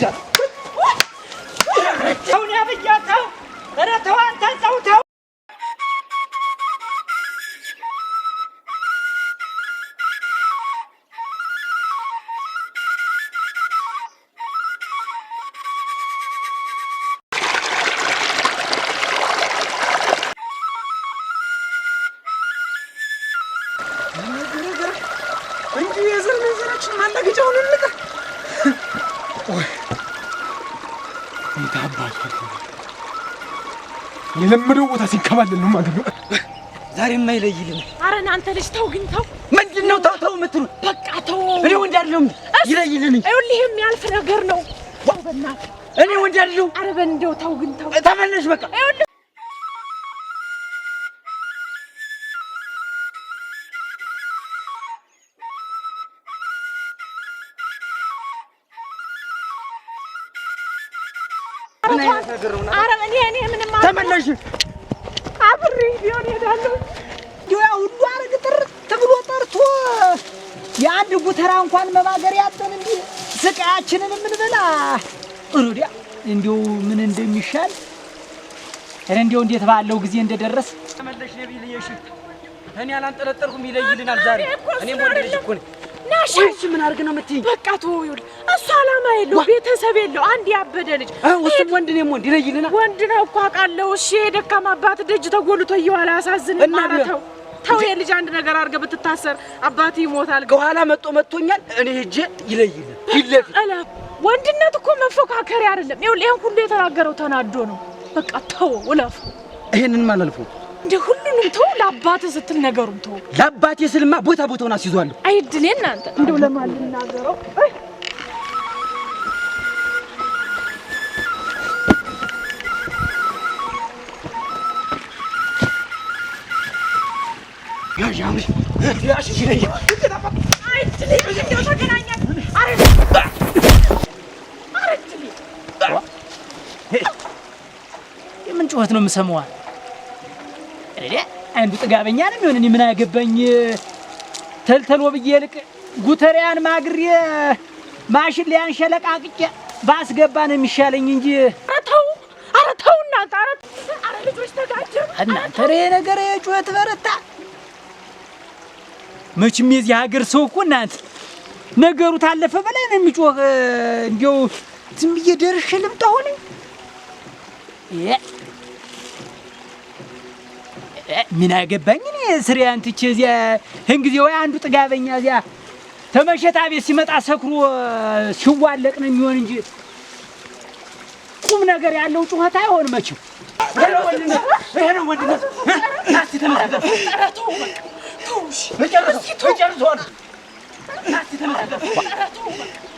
시작! የለመደው ቦታ ሲንከባለል ነው ማለት ነው። ዛሬ የማይለይልም። አረ አንተ ልጅ ተው፣ ግን ተው። ምንድን ነው ተው ተው የምትሉት? በቃ ተው። እኔ ወንድ አይደለሁም። ይለይልልኝ። ይኸውልህ የሚያልፍ ነገር ነው። በእናትህ እኔ ወንድ አይደለሁም። አረ በእንደው ተው፣ ግን ተው፣ ተመለሽ በቃ ተመለሽ። አብሬ ቢሆን እሄዳለሁ። እንዲሁ ሁሉ አረግ ጥርት ብሎ ጠርቶ የአንድ ጉተራ እንኳን መባገር ያጠን እንዲህ ስቃያችንን የምንበላ እንዲያ እንዲሁ ምን እንደሚሻል እንዲሁ እንዴት ባለው ጊዜ እንደደረስ ተመለሽ ነብይ ልየሽ እኔ አላንጠለጠልኩም። ይለይልናል ዛሬ እኔም ወንድ ልጅ እኮ ነኝ ናሽ እሺ፣ ምን አድርግ ነው የምትይኝ? በቃ ተወው። ይኸውልህ እሱ አላማ የለው ቤተሰብ የለው አንድ ያበደ ልጅ እሱም ወንድ ነው። ወንድ ይለይልና ወንድ ነው እኮ አውቃለሁ። እሺ፣ የደካማ አባት ደጅ ተጎልቶ እየዋለ አሳዝንም። ኧረ ተው ተው፣ የልጅ አንድ ነገር አድርገህ ብትታሰር አባቴ ይሞታል። ከኋላ መጦ መጥቶኛል። እኔ ሂጅ ይለይልን ይለፍ። ወንድነት እኮ መፎካከሪያ አይደለም። ይኸውልህ ይሄን ሁሉ የተናገረው ተናዶ ነው። በቃ ተወው፣ እለፉ። ይሄንን ማን እንደ ሁሉንም ተው፣ ለአባት ስትል ነገሩም ተው። ለአባቴ ስልማ ቦታ ቦታውን አስይዟለሁ። አይድሌ እናንተ እንደው ለማን ልናገረው? የምን ጩኸት ነው የምሰማው? አንዱ ጥጋበኛ ነው የሚሆን። እኔ ምን አገባኝ? ተልተሎ ብዬ ልቅ ጉተሪያን ማግሬ ማሽን ሊያን ሸለቃ አቅቄ ባስገባ ነው የሚሻለኝ እንጂ አረተው አረተው እናንተ አረት አረ ልጆች ተጋጀ እናንተ ሬ ነገር የጩኸት በረታ። መችም የዚህ ሀገር ሰው እኮ እናንተ ነገሩ ታለፈ በላይ ነው የሚጮህ። እንዲው ዝም ብዬ ደርሼ ልምጣ ሆነ ምን አገባኝ እኔ ስሪያን ትቼ እዚያ እንግዲህ ወይ አንዱ ጥጋበኛ እዚያ ተመሸታ ቤት ሲመጣ ሰክሮ ሲዋለቅ ነው የሚሆን እንጂ ቁም ነገር ያለው ጩኸት አይሆን መቼም። ይሄ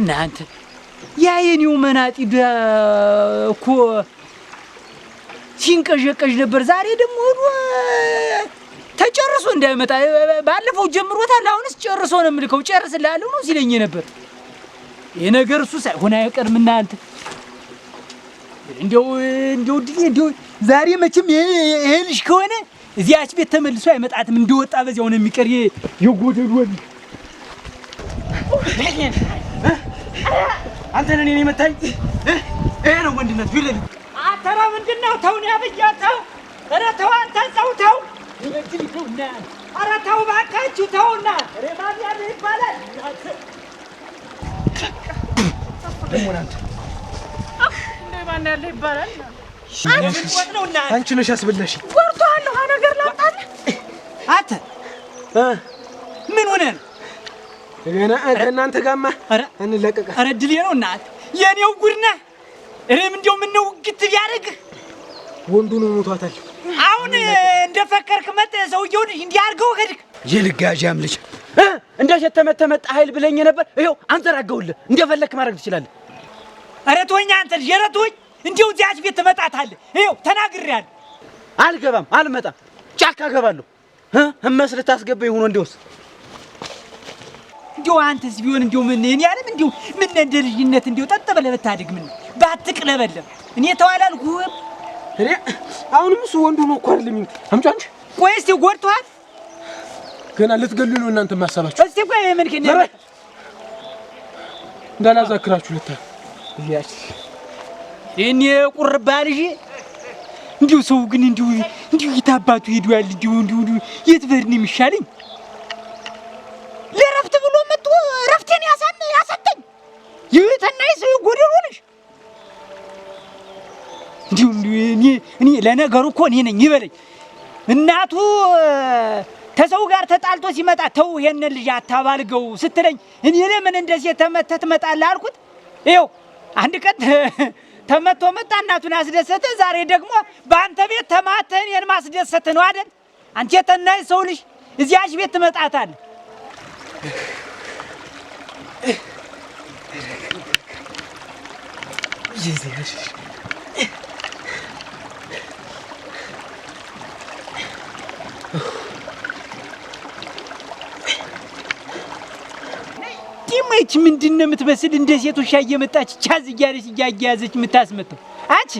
እናንተ ያ የኔው መናጢ እኮ ሲንቀዠቀዥ ነበር። ዛሬ ደግሞ ሆኖ ተጨርሶ እንዳይመጣ ባለፈው ጀምሮታል። አሁንስ ጨርሶ ነው የምልከው። ጨርስልሃለሁ ነው ሲለኝ ነበር። ይህ ነገር እሱ ሳይሆን አይቀርም። እናንተ እንዲያው እንዲያው እንዲያው ዛሬ መቼም ይሄ ልጅ ከሆነ እዚያች ቤት ተመልሶ አይመጣትም። እንደወጣ በዚያው ነው የሚቀር የጎደሉ አንተ ነህ እኔን የመታኝ። ይሄ ነው ወንድነት ፊት ለፊት ያተረው ምንድን ነው? ተው ያብያተው። ኧረ ተው አንተ ሰው ተው። ይተውና። ኧረ ተው እባካችሁ ተውና። ማን ይባላል። አንቺ ነሽ አስበላሽ። ጎርቷል ውሃ ነገር ላምጣልህ። አንተ ምን ሆነህ ነው? ገና ከእናንተ ጋማ እንለቀቃለን። ኧረ ድሌ ነው እናት የኔው ጉድ ነህ እኔም እንደው ነው ግት ቢያደርግህ ወንዱ ነው ሞቷታል። አሁን እንደፈከርክ መጥ ሰውየውን እንዲያርገው አድርገው ሄድክ። የልጋዣም ልጅ እንዳሸተመተ መጣ ኃይል ብለኝ ነበር። ይኸው አንዘራገውልህ እንደፈለክ ማድረግ ትችላለህ። ኧረ ተወኝ አንተ ልጅ፣ ኧረ ተወኝ። እንዲሁ እዚያች ቤት ትመጣታለህ። ይኸው ተናግሬሃለሁ። አልገባም፣ አልመጣም። ጫካ እገባለሁ። እመስ ልታስገባኝ ሆኖ እንዲወስ እንዲሁ አንተስ ቢሆን እንዲሁ ምን እኔ አለም እንዲሁ ምን እንደ ልጅነት እንዲሁ ጠጥ ብለህ ብታድግ ምን ባትቅለበለብ እኔ ተዋላል ተዋላልኩህም። እኔ አሁንም እሱ ወንዱ ነው እኮ አይደለም። አምጪ አንቺ። ቆይ እስቲ ጎድቶሃል። ገና ልትገሉ ነው እናንተ ማሳባችሁ። እስቲ ቆይ ምን ከነ እንዳላዛክራችሁ ለታ እያች እኔ ቁርባ ልጅ እንዲሁ ሰው ግን እንዲሁ እንዲሁ የታባቱ ሄዱ ያል እንዲሁ እንዲሁ የት ብሄድ የሚሻለኝ? ይዩትና ነሽ። እንዲሁ እኔ ለነገሩ እኮ እኔ ነኝ ይበለኝ። እናቱ ከሰው ጋር ተጣልቶ ሲመጣ ተው ይሄን ልጅ አታባልገው ስትለኝ እኔ ለምን እንደዚህ ተመተ ትመጣለህ አልኩት። ይኸው አንድ ቀን ተመቶ መጣ፣ እናቱን አስደሰተ። ዛሬ ደግሞ በአንተ ቤት ተማተህ እኔን ማስደሰት ነው አይደል? አንቺ የተናይ ሰው ልጅ እዚያች ቤት ትመጣታለህ። ዲማች ምንድን ነው የምትመስል? እንደ ሴቶች እየመጣች ቻዝ እያለች እያያዘች የምታስመጣው አንቺ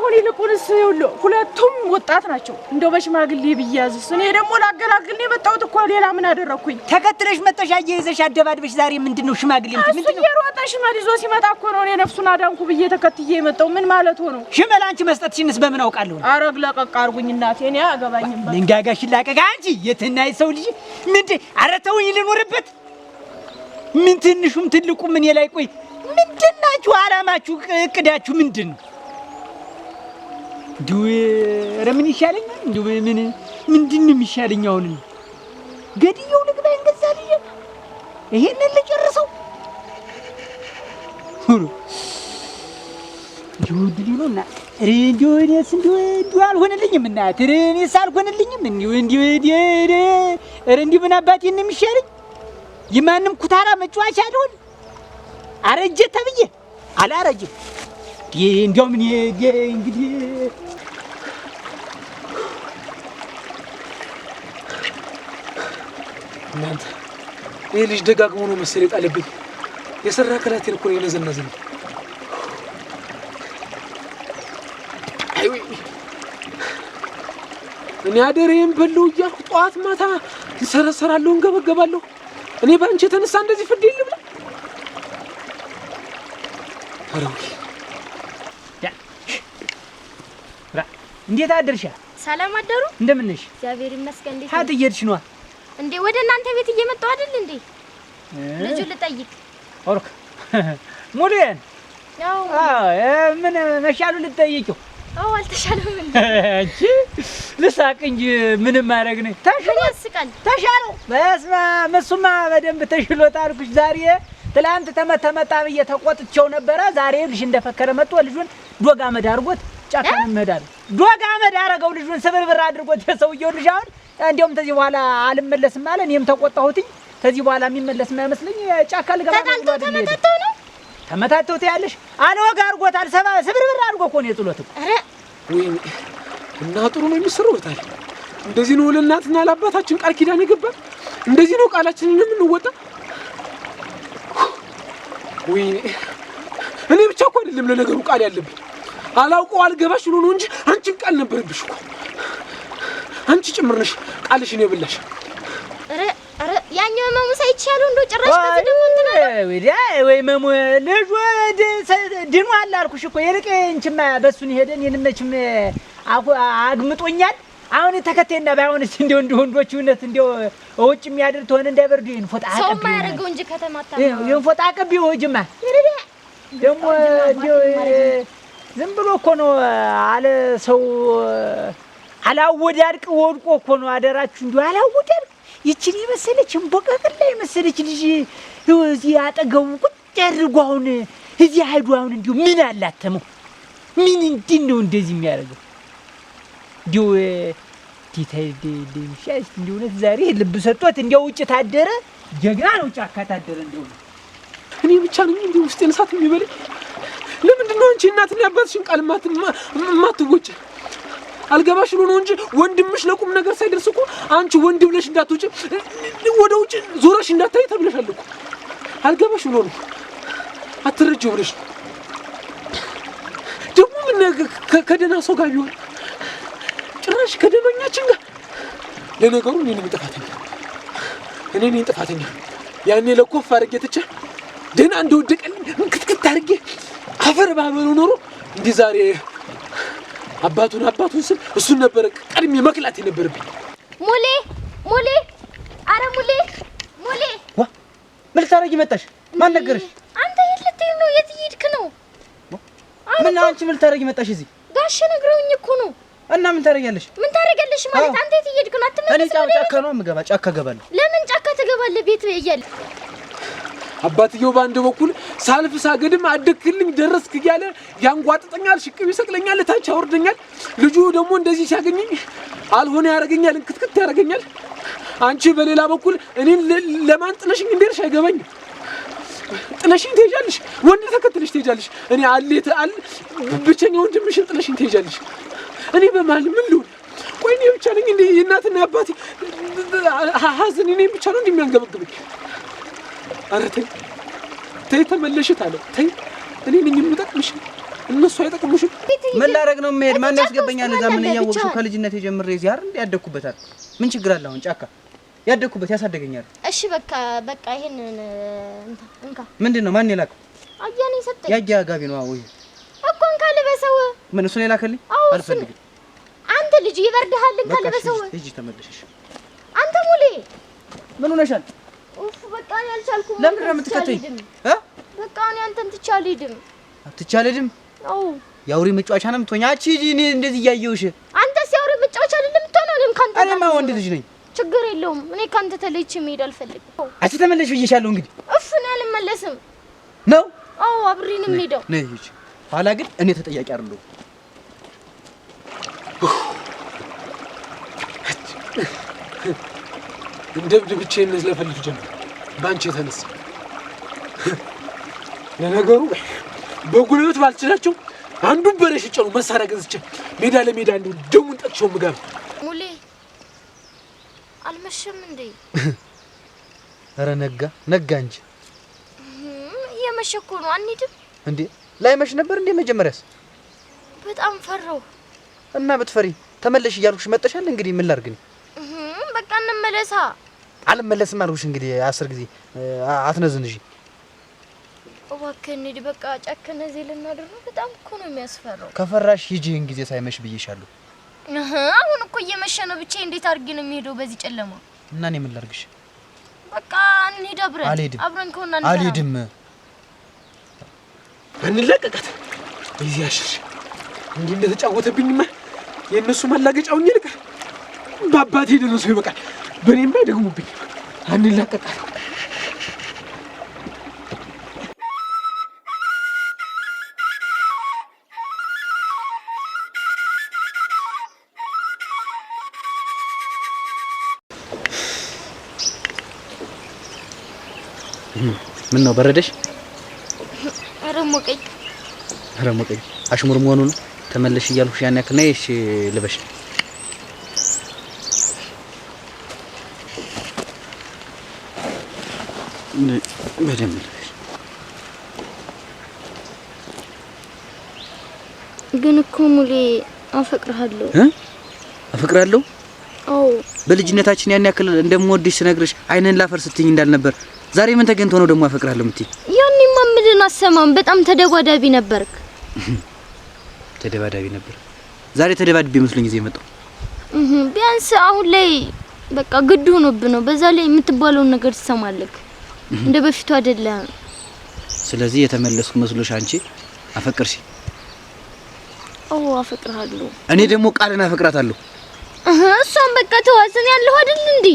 አሁን ይልቁንስ ይኸውልህ ሁለቱም ወጣት ናቸው። እንደው በሽማግሌ ብያዝስ? እኔ ደግሞ ላገላግል የመጣሁት እኮ ሌላ ምን አደረግኩኝ? ተከትለሽ መጠሽ አያይዘሽ አደባድበሽ ዛሬ ምንድን ነው ሽማግሌ ምንድን ነው? እየሮጠ ሽመል ይዞ ሲመጣ እኮ ነው እኔ ነፍሱን አዳንኩ ብዬ ተከትዬ የመጣው ምን ማለት ሆነው? ሽመል አንቺ መስጠትሽንስ በምን አውቃለሁ? አረግ ለቀቅ አርጉኝ እናቴ፣ እኔ አገባኝም ንጋጋሽ ላቀቅ። አንቺ የትናይ ሰው ልጅ ምንድ አረተውኝ ልኖርበት ምን ትንሹም ትልቁ ምን የላይ ቆይ ምንድናችሁ? አላማችሁ እቅዳችሁ ምንድን ነው? እንዲሁ ኧረ ምን ይሻለኛል? እንዲሁ ምን ምንድን ነው የሚሻለኝ? አሁን ገድየው ልግባ እንገዛ ልየ ይሄንን ልጨርሰው እንዲሁ ነው እና ኧረ እንዲሁ እኔስ እንዲሁ እንዲሁ አልሆነልኝም እናት ኧረ እኔስ አልሆነልኝም እንዲሁ እንዲሁ ኧረ እንዲሁ ምን አባቴ ነው የሚሻለኝ? የማንም ኩታራ መጫዋቻ አልሆን አረጀ ተብዬ አላረጅም። እንዲያውም እኔ እንግዲህ እናንተ ይህ ልጅ ደጋግሞ ነው መሰል የጣለብኝ። የሰራ ከላቴን እኮ ነው የነዘነዘኝ። እኔ አደሬን በለው እያልኩ ጠዋት ማታ ሰረሰራለሁ፣ እንገበገባለሁ። እኔ በአንቺ የተነሳ እንደዚህ ፍድ የለም ነው እንዴት አደርሻ? ሰላም አደሩ። እንደምን ነሽ? እግዚአብሔር ይመስገን። እንዴት ሀት እየሄድሽ ነው እንዴ ወደ እናንተ ቤት እየመጣሁ አይደል እንዴ? ልጁ ልጠይቅ ኦርክ ሙሉዬን ያው ምን መሻሉ ልጠይቂው? አዎ አልተሻለም እንዴ? አንቺ ልሳቅ እንጂ ምንም ማድረግ ነኝ። ተሽሎ ያስቃል። ተሻለ። በስማ አብ እሱማ በደንብ ተሽሎታ አልኩሽ። ዛሬ ትላንት ተመተመጣ ብዬ ተቆጥቼው ነበረ። ዛሬ ልጅ እንደፈከረ መጥቶ ልጁን ዶጋ አመድ አድርጎት ጫካንም መሄድ አለ ዶግ አመድ አረገው ልጁን ስብርብር አድርጎ የሰውየው ልጅ አሁን እንዲያውም ተዚህ በኋላ አልመለስም አለ። እኔም ተቆጣሁትኝ። ተዚህ በኋላ የሚመለስ የማይመስለኝ ጫካ ልገባ ተጣልተው ተመታተው ነው ተመታተው ትያለሽ። አልወግ አድርጎታል። ስብርብር አድርጎ እኮ ነው የጥሎት እኮ። ኧረ እና ጥሩ ነው የሚሰራው። ታዲያ እንደዚህ ነው ለእናትና ለአባታችን ቃል ኪዳን የገባ እንደዚህ ነው ቃላችንን የምንወጣ። ወይ እኔ ብቻ እኮ አይደለም ለነገሩ ቃል ያለብኝ አላውቀው አልገባሽ ነው እንጂ አንቺም ቃል ነበረብሽ እኮ አንቺ ጭምርነሽ ቃልሽ ነው የበላሽ። ኧረ ኧረ ያኛው መሙ ሳይቻሉ እንደው ጭራሽ ከዚህ ደግሞ እንትን አለ ወይ መሙ ልጅ አለ አልኩሽ እኮ ይልቅ እንችማ በሱን ሄደን የነመችም አግምጦኛል። አሁን ተከቴና ባይሆንስ እንደው እንደ ወንዶች እውነት እንደው ውጭ የሚያድር ተሆነ እንዳይበርዱ ይሄን አቀብ ሰው ማያደርገው እንጂ ከተማታ ይሄን ፎጣ አቀብ ይወጅማ ደግሞ እንደው ዝም ብሎ እኮ ነው አለ ሰው አላወዳድቅ ወድቆ እኮ ነው። አደራችሁ እንዲሁ አላወዳድቅ። ይችን የመሰለች እንቦቀቅላ የመሰለች ልጅ እዚህ አጠገቡ ቁጭ አድርጎ አሁን እዚህ ሄዱ። አሁን እንዲሁ ምን አላተመው? ምን እንድን ነው እንደዚህ የሚያደርገው? እንዲሁ ዲታይድ ሻስ እውነት ዛሬ ልብ ሰጥቶት እንዲያው ውጭ ታደረ። ጀግና ነው ጫካ ታደረ። እንዲሁ እኔ ብቻ ነኝ እንዲ ውስጤን እሳት የሚበልኝ ለምንድን ነው አንቺ እናትና አባትሽን ቃል ማትወጪ? አልገባሽ ብሎ ነው እንጂ ወንድምሽ ለቁም ነገር ሳይደርስ እኮ አንቺ ወንድ ብለሽ እንዳትወጪ ወደ ውጭ ዞረሽ እንዳታይ ተብለሻል እኮ። አልገባሽ ብሎ ነው አትረጂው ብለሽ ደግሞ ምን ከደህና ሰው ጋር ቢሆን ጭራሽ ከደመኛችን ጋር ለነገሩ እኔንም ጥፋተኛ እኔን ጥፋተኛ ያኔ ለኮፍ አድርጌ ትቼ ደህና እንደወደቀልኝ ክትክት አድርጌ ከፈር ባበሉ ኖሮ እንዲህ ዛሬ አባቱን አባቱን ስል እሱን ነበረ ቀድሜ መክላት የነበረብኝ። ሙሌ ሙሌ፣ አረ ሙሌ ሙሌ፣ ዋ ምን ልታረጊ መጣሽ? ማን ነገርሽ? አንተ የት ልትሄድ ነው? የት እየሄድክ ነው? ምን አንቺ ምን ልታረጊ መጣሽ እዚህ? ጋሽ ነግረውኝ እኮ ነው። እና ምን ታረጊያለሽ? ምን ታረጊያለሽ ማለት አንተ የት እየሄድክ ነው? አትመለስ። እኔ ጫካ ነው የምገባ፣ ጫካ እገባለሁ። ለምን ጫካ ትገባለህ? ቤት እያለ አባትየው በአንድ በኩል ሳልፍ ሳገድም አደግክልኝ ደረስክ እያለ ያንጓጥጠኛል፣ ሽቅብ ይሰቅለኛል፣ እታች ያወርደኛል። ልጁ ደግሞ እንደዚህ ሲያገኘኝ አልሆነ ያደርገኛል፣ እንክትክት ያደርገኛል። አንቺ በሌላ በኩል እኔን ለማን ጥለሽኝ እንደርሽ አይገባኝም። ጥለሽኝ ትሄጃለሽ፣ ወንድ ተከትለሽ ትሄጃለሽ። እኔ አሌት አል ብቸኛ ወንድምሽን ጥለሽኝ ትሄጃለሽ። እኔ በማል ምን ልሁን? ቆይ እኔ ብቻ ነኝ እንዴ? እናትና አባቴ ሀዘን እኔ ብቻ ነው እንደሚያንገበግበኝ ኧረ ተይ ተይ ተመለሽት አለ። ተይ እኔ ነኝ የምጠቅምሽ፣ እነሱ አይጠቅሙሽም። ምን ላደርግ ነው የምሄድ? ማነው ያስገባኛል? እዛ ምን እያወቅሽው? ከልጅነት የጀምሬ እዚህ አይደል ያደግኩበታል። ምን ችግር አለ አሁን? ጫካ ያደግኩበት ያሳደገኛል። እሺ በቃ በቃ፣ ይሄን እንካ። ምንድን ነው ማን የላከው? አያኔ ሰጠኝ። ያያ ጋቢ ነው አዎ። እኮ እንካ ልበሰው። ምን እሱን የላከልኝ? አልፈልግም። አንተ ልጅ ይበርድሃል፣ እንካ ልበሰው። ልጅ ተመለሽሽ። አንተ ሙሌ ምን ሆነሻል? ኡፍ ነው የምትከተኝ? በቃ እኔ አንተን ትቼ አልሄድም። ትቼ አልሄድም? የአውሬ መጫወቻ ነው የምትሆኛ። አንቺ ሂጂ፣ እኔ እንደዚህ እያየሁሽ። አንተስ የአውሬ መጫወቻ አይደለም የምትሆነው። እኔም ካንተ እኔማ ወንድ ልጅ ነኝ። ችግር የለውም። እኔ ካንተ ተለይቼ መሄድ አልፈልግም። አንቺ ተመለሽ ብዬሻለሁ። እንግዲህ እፍ እኔ አልመለስም ነው። አዎ አብሬ የምሄደው። ነይ ሂጂ። ኋላ ግን እኔ ተጠያቂ አይደለሁም። Huh. ደብድብቼ ልዝለፈልፍ ጀመር በአንቺ የተነሳ። ለነገሩ በጉልበት ባልችላቸው አንዱን በሬ ሽጬ ነው መሳሪያ ገዝቼ ሜዳ ለሜዳ እንዲሁ ደሙን ጠጥቼው ምጋብ። ሙሌ አልመሸም እንዴ? ኧረ ነጋ ነጋ እንጂ እየመሸ እኮ ነው። አንሂድም እንዴ? ላይመሽ ነበር እንዴ? መጀመሪያስ በጣም ፈራሁ። እና ብትፈሪ ተመለሽ እያልኩሽ መጠሻል። እንግዲህ ምን ላድርግ ነው በቃ እንመለሳ። አልመለስም አልኩሽ። እንግዲህ አስር ጊዜ አትነዝን እሺ። እባክህ እንሂድ በቃ። እዚህ ልናድር ነው። በጣም እኮ ነው የሚያስፈራው። ከፈራሽ ጊዜ ሳይመሽ ብዬሻለሁ። አሁን እኮ እየመሸ ነው። እንዴት አድርጌ ነው የሚሄደው በዚህ ጨለማ? እና እኔ ምን ላድርግሽ? በቃ እንሂድ አብረን። አልሄድም። አብረን ከሆነ አልሄድም። እንለቀቀት እንዲህ እንደተጫወተብኝማ የእነሱ ልቀር በአባቴ የደረሰው ይበቃል። በእኔም ላይ ደግሞብኝ አንላቀቃል። ምን ነው በረደሽ? ኧረ ሞቀኝ፣ ኧረ ሞቀኝ። አሽሙር መሆኑ ነው። ተመለሽ እያልኩሽ ያን ያክል ነይ። እሺ ልበሽ በደንብ ግን እኮ ሙሌ አፈቅርሃለሁ እ አዎ። በልጅነታችን ያን ያክል እንደምወድሽ ስነግርሽ አይነን ላፈር ስትኝ እንዳልነበር ዛሬ ምን ተገኝቶ ነው ደግሞ አሰማም። በጣም ተደባዳቢ ነበርክ። ተደባዳቢ ነበር። ዛሬ መስሎኝ ጊዜ የመጣው ቢያንስ አሁን ላይ በቃ ግድ ሆኖብህ ነው። በዛ ላይ የምትባለውን ነገር ትሰማለህ። እንደ በፊቱ አይደለም። ስለዚህ የተመለስኩ መስሎሽ አንቺ አፈቅርሽ? አዎ አፈቅርሃለሁ። እኔ ደግሞ ቃልን አፈቅራታለሁ። እሷም በቃ ተዋሰን ያለሁ አይደል እንዴ?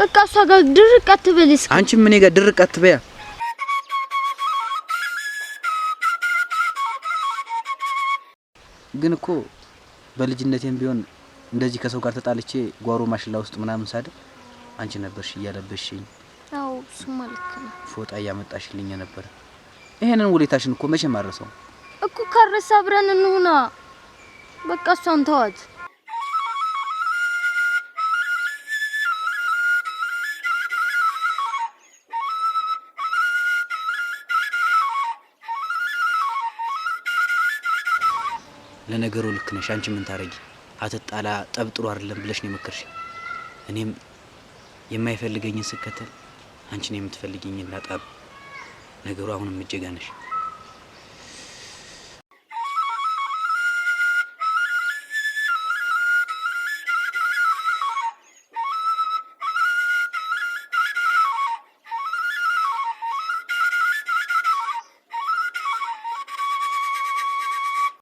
በቃ እሷ ጋር ድርቅ አትበልስ። አንቺም እኔ ጋር ድርቅ አትበያ። ግን እኮ በልጅነቴም ቢሆን እንደዚህ ከሰው ጋር ተጣልቼ ጓሮ ማሽላ ውስጥ ምናምን ሳድር አንቺ ነበርሽ እያለበሽኝ እሱማ ልክ ነው። ፎጣ እያመጣሽልኝ ነበር። ይሄንን ውለታሽን እኮ መቼም አረሰው እኮ ካረሳ አብረን እንሁና። በቃ እሷን ተዋት። ለነገሩ ልክ ነሽ። አንቺ ምን ታረጊ? አትጣላ ጠብጥሩ አይደለም ብለሽ ነው የመከርሽ። እኔም የማይፈልገኝን ስከተል አንቺን የምትፈልጊኝ ላጣብ ነገሩ አሁንም እጅጋ ነሽ።